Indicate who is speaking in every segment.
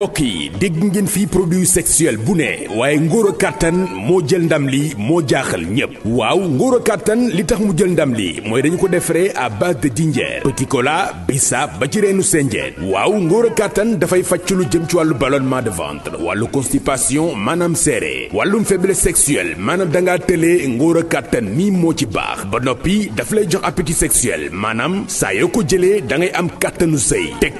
Speaker 1: mbokk yi dégg ngeen fii produit sexuel bu ne waaye ngóor a kàttan moo jël ndam li moo jaaxal ñépp waaw ngóor a kàttan li tax mu jël ndam li mooy dañu ko defaree à base de dinjeer petit cola bisaab ba ci reenu senjeen waaw ngóor a kàttan dafay fàcc lu jëm ci wàllu ballonnement de ventre wàllu constipation maanaam seere wàllum faiblesse sexuelle maanaam da ngaa tëlee ngóor a kàttan nii moo ci baax ba noppi dafa lay jox appétit sexuel maanaam saa yoo ko jëlee da ngay am kàttanu sëy teg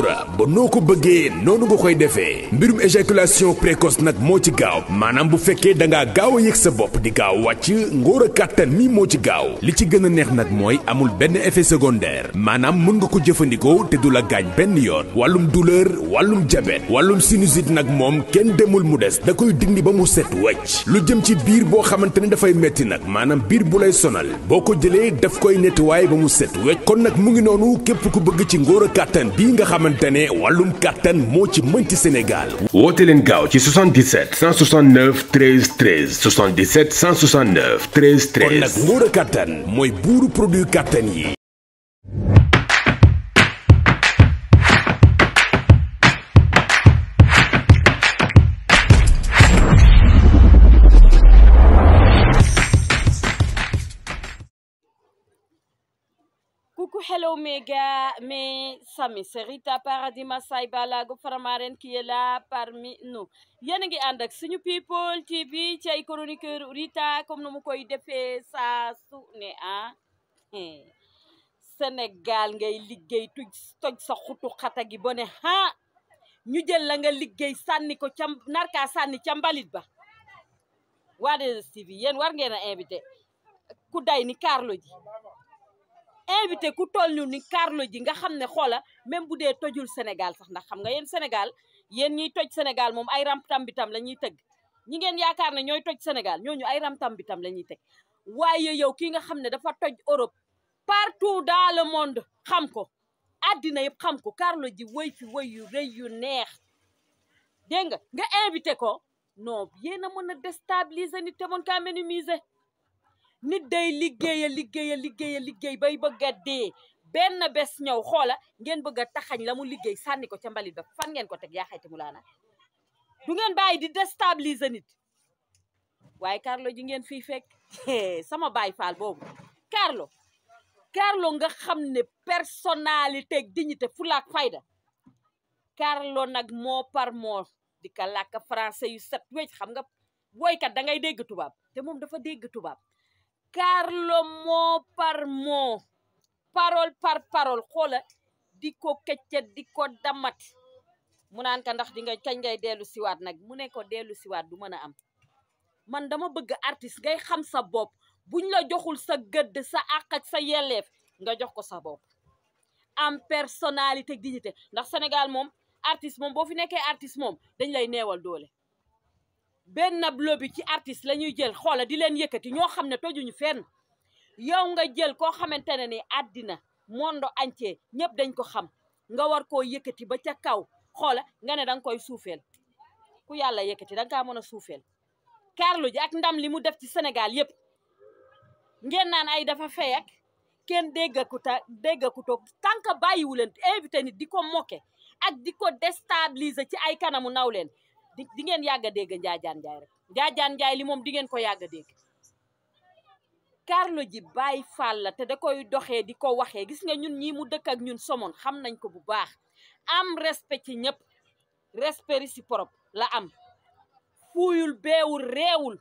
Speaker 1: awra ba noo ko bëggee noonu nga koy defee mbirum éjaculation précoce nag moo ci gaaw maanaam bu fekkee da ngaa gaaw a yëg sa bopp di gaaw wàcc ngóor a kàttan mi moo ci gaaw li ci gën a neex nag mooy amul benn effet secondaire maanaam mun nga ko jëfandikoo te du la gaañ benn yoon wàllum douleur wàllum jabet wàllum sinusite nag moom kenn demul mu des da koy dindi ba mu set wecc lu jëm ci biir boo xamante ni dafay metti nag maanaam biir bu lay sonal boo ko jëlee daf koy nettoyer ba mu set kon nag mu ngi noonu képp bëgg ci ngóor a xamante ne wàllum kàttan moo ci mënti Sénégal. woote leen gaaw ci 77 169 13 13 77 169 13 13. kon nag nguur a kàttan mooy buuru produit kàttan yi.
Speaker 2: Coucou, hello mes gars, mes amis, c'est Rita Paradis Masai Balago Faramaren qui est là parmi nous. yéen a ngi ànd ak suñu people TV ci ay chroniqueur Rita comme nu mu koy defee saa su ne ah eh, Sénégal ngay liggéey tuj toj sa xutu gi bone ha ah. ñu jël la nga liggéey sànni ko ca narka sànni ca mbalit ba waa 2STV yéen war ngeen a ku day ni Carlou G invité ku toll ñu ni Carlou ji nga xam ne xoola même bu dee tojul Sénégal sax ndax xam nga yéen Sénégal yéen ñiy toj Sénégal moom ay ramtam bitam la ñuy tëgg ñi ngeen yaakaar ne ñooy toj Sénégal ñooñu ay ramtam bitam la ñuy tëgg waaye yow kii nga xam ne dafa toj Europe partout dans le monde xam ko àddina yëpp xam ko Carlou ji woy fi woy yu rëy yu neex dégg nga nga invité ko no yéen a mën a déstabiliser nit te mën kaa nit day liggéey liggéeya liggéeya liggéey bay bëgg a dee benn bés ñëw xoola ngeen bëgg a taxañ la mu liggéey sànni ko ca mbalit ba fan ngeen ko teg yaa xayti mu laana du ngeen bàyyi di déstabiliser nit waaye Carlo ji ngeen fii fekk sama baay faal boobu Carlo Carlo nga xam ne personnalité ak dignité fulaak fayda Carlo nag moo par moo di ka làkk français yu set wecc xam nga woykat da ngay dégg tubaab te moom dafa dégg tubaab jàkkaarlo mot par mot parole par parole xoola di ko keccet di ko damat mu naan ka ndax di nga kañ ngay dellu siwaat nag mu nekko dellu siwaat du mën a am man dama bëgg artiste ngay xam sa bopp buñ la joxul sa gëdd sa àq sa yelleef nga jox ko sa bopp am personnalité dignité ndax Sénégal moom artiste moom boo fi nekkee artiste moom dañ lay neewal doole benn blobi bi ci artiste la ñuy jël xoola di leen yëkkati ñoo xam ne tojuñu fenn yow nga jël koo xamante ne ni àddina monde entier ñëpp dañ ko xam nga war koo yëkkati ba ca kaw xoola nga ne danga koy suufeel ku yàlla yëkkati danga kaa mën a suufeel Carlou D ak ndam li mu def ci senegal yëpp ngeen naan ay dafa fey ak kenn déggaku ta déggaku toog tant que bàyyiwu leen invité nit di ko moke ak di ko déstabiliser ci ay kanamu naw leen di ngeen yàgg a dégg Njaajaan Njaay li moom di ngeen ko yàgg a dégg Carlou G Baay Faal la te da koy doxe di ko waxee gis nga ñun ñii mu dëkk ak ñun somoon xam nañ ko bu baax am respect ci ñëpp respect réciproque la am fuuyul beewul réewul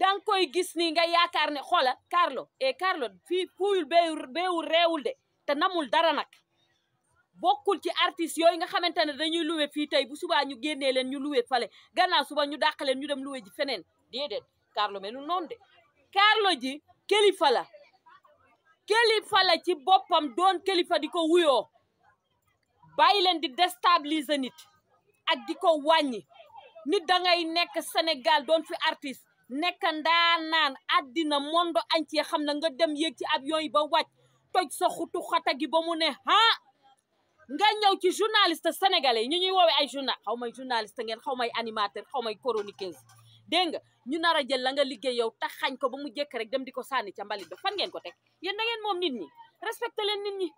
Speaker 2: danga koy gis ni nga yaakaar ne xoola Carlou et eh, Carlou fii fuuyul beewul beewul réewul de te namul dara nag bokkul ci artistes yooyu nga xamante ne dañuy loué fii tey bu subaa ñu génnee leen ñu loué fale gannaaw suba ñu dàq leen ñu dem luwe ji feneen déedéet Carlou melul noonu de Carlou ji kilifa la kilifa ci boppam doon kilifa di ko wuyoo bàyyi leen di déstabiliser nit ak di ko wàññi nit dangay nekk senegal doon fi artiste nekk ndaanaan àddina mondo añcee xam na nga dem yéeg ci avion yi ba wàcc toj sa xutu xata gi ba mu ne ah nga ñëw ci journaliste yi ñu ñuy woowee ay journal xaw may journaliste ngeen xaw may animateur xaw may chroniqueuse dégg nga ñu nar a jël la nga liggéey yow taxañ ko ba mu jëkk rek dem di ko sànni ca mbalit fan ngeen ko teg yéen da ngeen moom nit ñi respecté leen nit ñi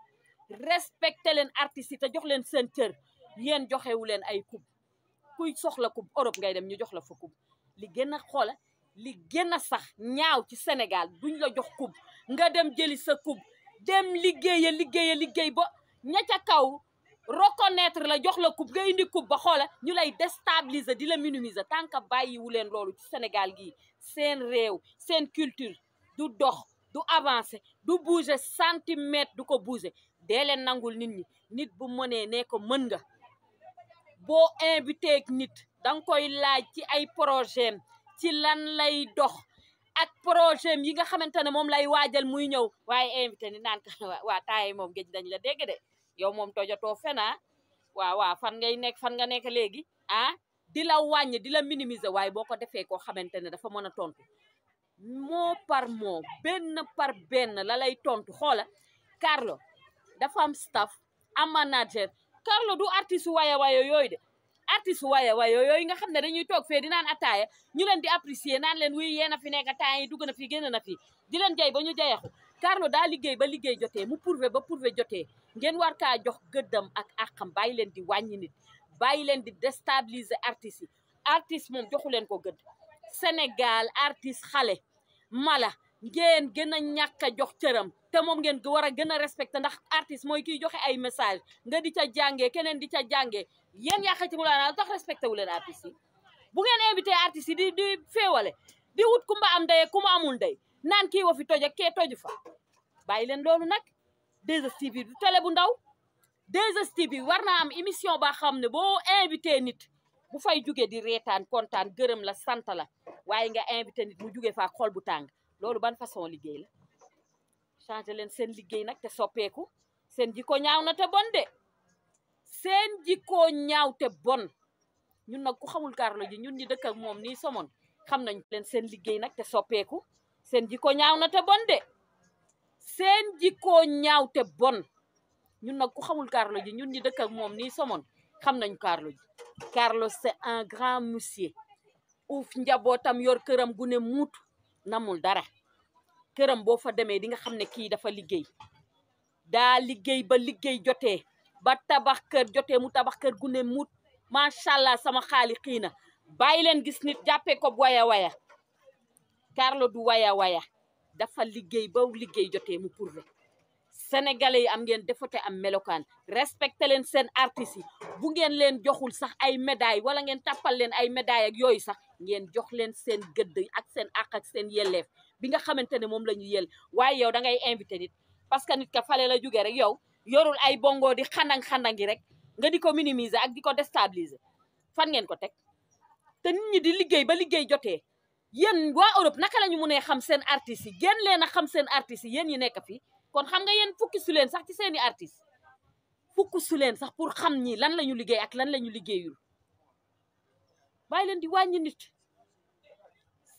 Speaker 2: respecté leen artistes yi te jox leen seen cër yéen joxewu leen ay kub kuy soxla kub Europe ngay dem ñu jox la fa kub li gën a xoola li gën a sax ñaaw ci Sénégal duñ la jox kub nga dem jëli sa kub dem liggéeya liggéeya liggéey ba ña ca kaw reconnaître la jox la coupe nga indi coupe ba xoola ñu lay déstabiliser di la minimiser tant que bàyyiwu leen loolu ci Sénégal gi seen réew seen culture du dox du avancer du bouger centimètre du ko bouger dee leen nangul nit ñi nit bu mënee ne ko mën nga boo invité ak nit danga koy laaj ci ay projet ci lan lay dox ak projet yi nga xamante ne moom lay waajal muy ñëw waaye invité ni naan ko waa taay moom géej dañ la dégg de yow moom tojatoo fenaa ah? waaw waaw fan ngay nekk fan nga nekk léegi ah di la wàññi di la minimiser waaye boo ko defee koo xamante ne dafa mën a tontu mot par mot benn par benn la lay tontu xoola Carlou dafa am staff am manager Carlou du artiste waye wayo yooyu de artiste waye wayo yooyu nga xam ne dañuy toog fee di naan ataaya ñu leen di apprécier naan leen wuy yéen fi nekk ataaya yi dugg na fi génn na fi di leen jay ba ñu jayaxu Carlou daa liggéey ba liggéey jotee mu prouvé ba prouvé jotee ngeen war jox gëddam ak àqam bàyyi leen di wàññi nit bàyyi leen di déstabiliser artistes yi artiste moom joxu leen ko gëdd Sénégal artiste xale mala ngeen gën a ñàkk a jox cëram te moom ngeen war a gën a respecté ndax artiste mooy kiy joxe ay message nga di ca jàngee keneen di ca jàngee yéen yaa xëcc mu laa tax respecté wu leen artistes yi bu ngeen invité artistes yi di di féewale di wut kumba am ndey kumba amul day naan kii wa fi toj ak kee toju fa bàyyi leen loolu nag 2STV du télé bu ndaw 2STV war naa am émission ba xam ne boo invité nit bu fay jóge di reetaan kontaan gërëm la sant la waaye nga invité nit mu jóge faa xol bu tàng loolu ban façon liggéey la changé leen seen liggéey nag te soppeeku seen jikko ñaaw na te bon de seen jikko ñaaw te bon ñun nag ku xamul Carlou ji ñun ñi dëkk ak moom nii somoon xam nañ leen seen liggéey nag te soppeeku seen jikko ñaaw na te bon de seen jikko ñaaw te bon ñun nag ku xamul Carlou D ñun ñi dëkk ak moom nii somoon xam nañu Carlou D Carlou c'est un grand monsieur uuf njabootam yor këram gu ne muut namul dara këram boo fa demee di nga xam ne kii dafa liggéey daa liggéey ba liggéey jotee ba tabax kër jotee mu tabax kër gu ne muut macha allah sama xaali xii na bàyyi leen gis nit jàppee ko waya waya Carlou du waya waya dafa liggéey ba liggéey jotee mu prouvé sénégalais yi am ngeen defate am melokaan respecté leen seen artistes yi bu ngeen leen joxul sax ay médailles wala ngeen tàppal leen ay médailles ak yooyu sax ngeen jox leen seen gëdd ak seen àq ak seen yelleef bi nga xamante ne moom la ñu yel waaye yow da ngay invité nit parce que nit ka fale la jógee rek yow yorul ay bongo di xandang-xandang gi rek nga di ko minimiser ak di ko déstabiliser fan ngeen ko teg te nit ñi di liggéey ba liggéey jotee yéen waa Europe naka lañu ñu mënee xam seen artistes yi génn leen a xam seen artistes yi yéen ñi nekk fii kon xam nga yéen fukki su leen sax ci seeni artistes fukki su leen sax pour xam ñi lan lañu liggéey ak lan lañu ñu liggéeyul bàyyi leen di wàññi nit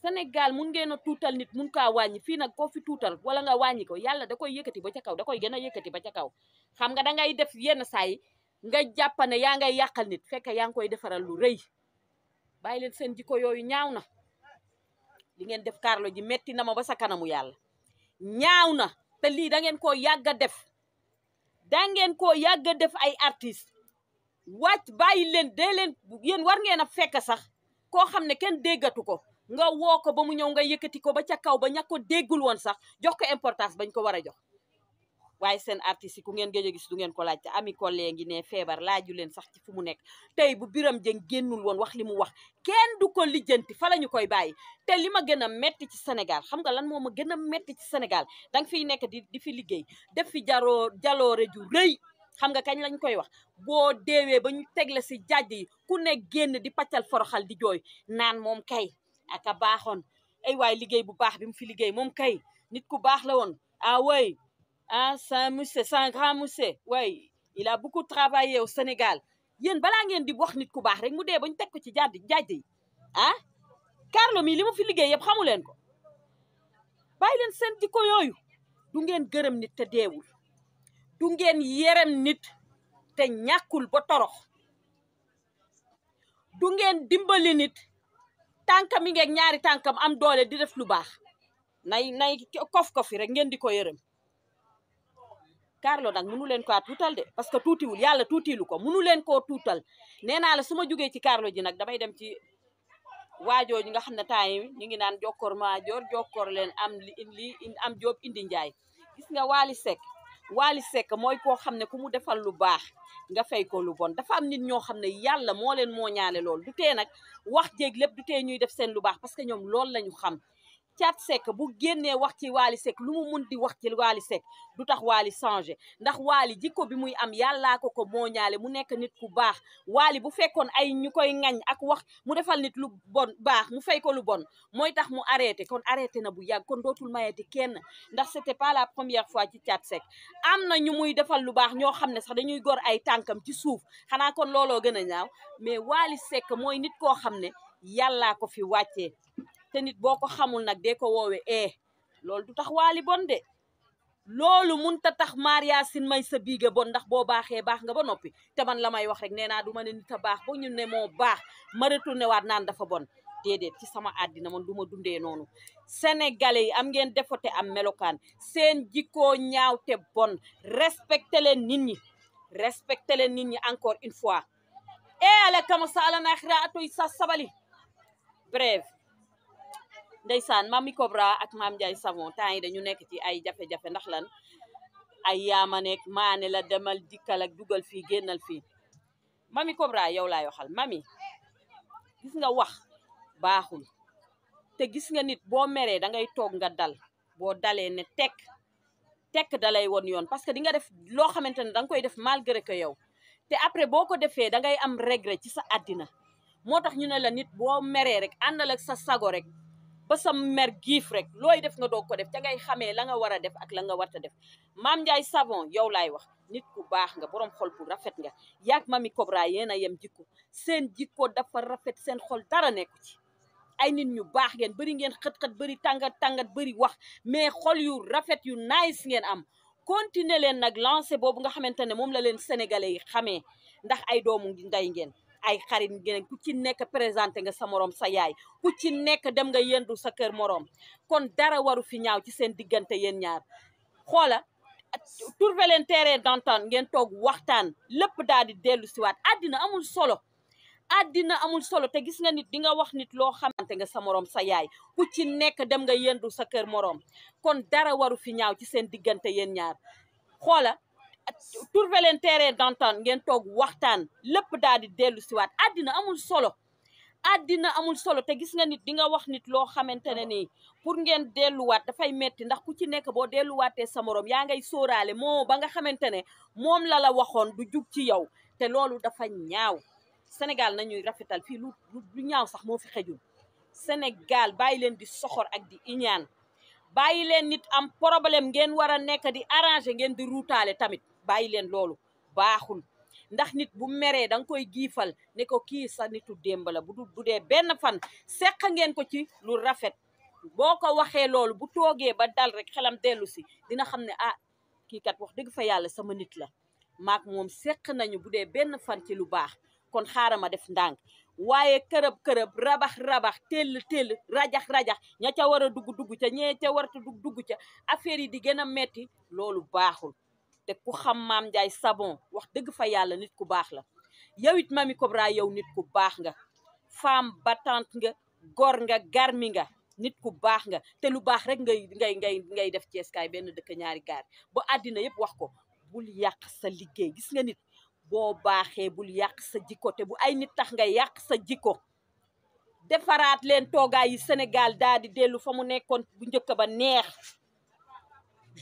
Speaker 2: Sénégal mun ngeen a tuutal nit mun kaa wàññi fii nag koo fi tuutal wala nga wàññi ko yàlla da koy yëkkati ba ca kaw da koy gën a yëkkati ba ca kaw xam nga da ngay def yenn saa yi nga jàpp yaa ngay yàqal nit fekk yaa ngi koy defaral lu rëy bàyyi leen seen jikko yooyu ñaaw na dingeen def karlo ji metti na ma ba sa kanamu yàlla ñaaw na te lii da ngeen koo yàgg def da ngeen koo yàgg a def ay artiste wàcc bàyyi leen dee leen yéen war ngeen a fekk sax koo xam ne kenn déggatu ko nga woo ko ba mu ñëw nga yëkkati ko ba ca kaw ba ña ko déggul woon sax jox ko importance bañ ko war a jox waaye seen artistes yi ku ngeen gëj a gis du ngeen ko laaj te ami collègue ngi ne feebar sax ci fu mu nekk tey bu Biram Jeng génnul woon wax li mu wax kenn du ko lijjanti fa la ñu koy bàyyi te li ma gën a metti ci Sénégal xam nga lan moo ma gën a metti ci Sénégal danga fiy nekk di di fi liggéey def fi jaroo jaloore ju rëy xam nga kañ lañ koy wax boo deewee ba ñu tegle si jàjj yi ku ne génn di paccal foroxal di jooy naan moom kay aka baaxoon ay waay liggéey bu baax bi mu fi liggéey moom kay nit ku baax la woon ah, ah Saint-Moussé Saint Grand Moussé way il a beaucoup travaillé au Sénégal yéen balaa ngeen di wax nit ku baax rek mu dee bañ teg ko ci jadd jaajde yi ah Carlou mii li fi liggéey yëpp xamu leen ko bàyyi leen seen jikko du ngeen gërëm nit te deewul du ngeen yërëm nit te ñàkkul ba torox du ngeen dimbali nit tànkam mi ngeeg ñaari tànkam am doole di def lu baax nay nay kof-kofi rek ngeen di ko yërëm Carlou nag mënu leen kaa tuutal de parce que tuutiwul yàlla tuutilu ko mënu leen koo tuutal nee naa la su ma jógee ci Carlou ji nag damay dem ci waajoo ñu nga xam ne temps yi ñu ngi naan jokkoor maajoor jokkoor leen am li li am joob indi njaay gis nga Waly Seck Waly sekk mooy koo xam ne ku mu defal lu baax nga fay ko lu bon dafa am nit ñoo xam ne yàlla moo leen moo ñaale lool du tee nag wax jeg lépp du tee ñuy def seen lu baax parce que ñoom loolu lañu xam Thiat Seck bu génnee wax ci Wally Seck lu mu mun di wax ci Wally Seck du tax Wally changé ndax Wally jikko bi muy am yàllaa ko ko moo ñaale mu nekk nit ku baax Wally bu fekkoon ay ñu koy ŋañ ak wax mu defal nit lu bon baax mu fey ko lu bon mooy tax mu arrêté kon arrêté na bu yàgg kon dootul mayati kenn ndax c'était pas la première fois ci Thiat Seck am na ñu muy defal lu baax ñoo xam ne sax dañuy gor ay tànkam ci suuf xanaa kon looloo gën a ñaaw mais Wally Seck mooy nit koo xam ne yàllaa ko fi wàccee nit boo ko xamul nag dee ko woowe ee eh, loolu du tax waali bon de loolu munta tax mariage sin may sa biige bon ndax boo baaxee baax nga ba noppi te man la may wax rek nee naa duma ma ne nit a baax ba ñu ne moo baax ma retourné naan dafa bon déedéet ci sama àddina man du ma dundee noonu sénégalais yi am ngeen defote am melokaan seen jikkoo ñaaw te bon respecté leen nit ñi respecté leen nit ñi encore une fois e eh, ale kama sa ala na xira atoy sa sabali ndeysaan mami Cobra ak maam Ndiaye Savon temps yi dañu nekk ci ay jafe ndax lan ay yaama nekk maane la demal dikkal ak dugal fii génnal fii mami Cobra yow laay waxal mami gis nga wax baaxul te gis nga nit boo meree da ngay toog nga dal boo dalee ne tekk tekk dalay woon yoon parce que di nga def loo xamante ne da koy def malgré que yow te après boo ko defee da ngay am regret ci sa àddina moo tax ñu ne la nit boo meree rek àndal ak sa sago rek ba sa mer giif rek looy def nga doog ko def ca ngay xamee la nga war a def ak la nga warta def maam Ndiaye Savon yow laay wax nit ku baax nga borom xol bu rafet nga yaag mami Cobra yéen a yem jikko seen jikko dafa rafet seen xol dara nekku ci ay nit ñu baax ngeen bëri ngeen xët-xët bëri tàngat tàngat bëri wax mais xol yu rafet yu nice ngeen am continuer leen nag lancé boobu nga xamante ne moom la leen sénégalais yi xamee ndax ay doomu nday ngeen ay xarit ngeen ku ci nekk présenté nga sa morom sa yaay ku ci nekk dem nga yendu sa kër morom kon dara waru fi ñaaw ci seen diggante yéen ñaar xoola trouver leen terrain d'entente ngeen toog waxtaan lépp daal di dellu siwaat àddina amul solo àddina amul solo te gis nga nit di nga wax nit loo xamante nga sa morom sa yaay ku ci nekk dem nga yendu sa kër morom kon dara waru fi ñaaw ci seen diggante yéen ñaar xoola trouver leen teere d'entente ngeen toog waxtaan lépp daal di dellu siwaat àddina amul solo àddina amul solo te gis nga nit di nga wax nit loo xamante ne nii pour ngeen delluwaat dafay metti ndax ku ci nekk boo delluwaatee sa morom yaa ngay sóoraale moo ba nga xamante ne moom la la waxoon du jug ci yow te loolu dafa ñaaw Sénégal nañuy rafetal fii lu ñaaw sax moo fi xejul Sénégal bàyyi leen di soxor ak di iñaan bàyyi leen nit am problème ngeen war a nekk di arrangé ngeen di ruutaale tamit bàyyi leen loolu baaxul ndax nit bu meree da nga koy giifal ne ko kii sa nitu démb la bu du bu dee benn fan seq ngeen ko ci lu rafet boo ko waxee loolu bu toogee ba dal rek xelam dellu si dina xam ne ah kiikat kat wax dëgg fa yàlla sama nit la maak moom seq nañu bu dee benn fan ci lu baax kon xaaral ma def ndànk waaye kërëb kërëb rabax rabax tell tell rajax rajax ña ca war a dugg dugg ca ñee ca warta dugg dugg ca affaire yi di gën a metti loolu baaxul te ku xam maam Ndiaye sabon wax dëgg fa yàlla nit ku baax la yow it Mamy Cobra yow nit ku baax nga fam battante nga góor nga garmi nga nit ku baax nga te lu baax rek ngay ngay ngay ngay def ceeskaay benn dëkk ñaari gaar ba àddina yëpp wax ko bul yàq sa liggéey gis nga nit boo baaxee bul yàq sa jikko te bu ay nit tax nga yàq sa jikko defaraat leen toogaay yi Sénégal daal di dellu fa mu nekkoon bu njëkk ba neex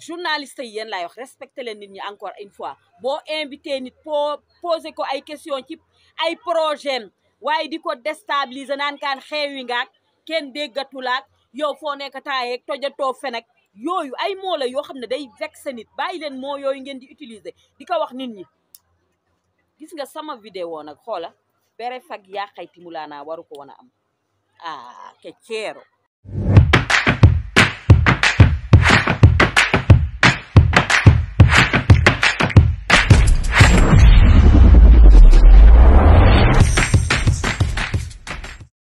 Speaker 2: journaliste yi yéen laay wax respecté leen nit ñi encore une fois boo invité nit po posé ko ay question ci ay projet waaye di ko déstabiliser naan kaan xeewi ngaak kenn déggatulaak yow foo nekk taayeeg tojatoo fenek yooyu ay moo la yoo xam ne day vexé nit bàyyi leen moo yooyu ngeen di utiliser di ko wax nit ñi gis nga sama vidéo nag xoola bere fag yaqayti mulaanaa waru ko woon a am ah ke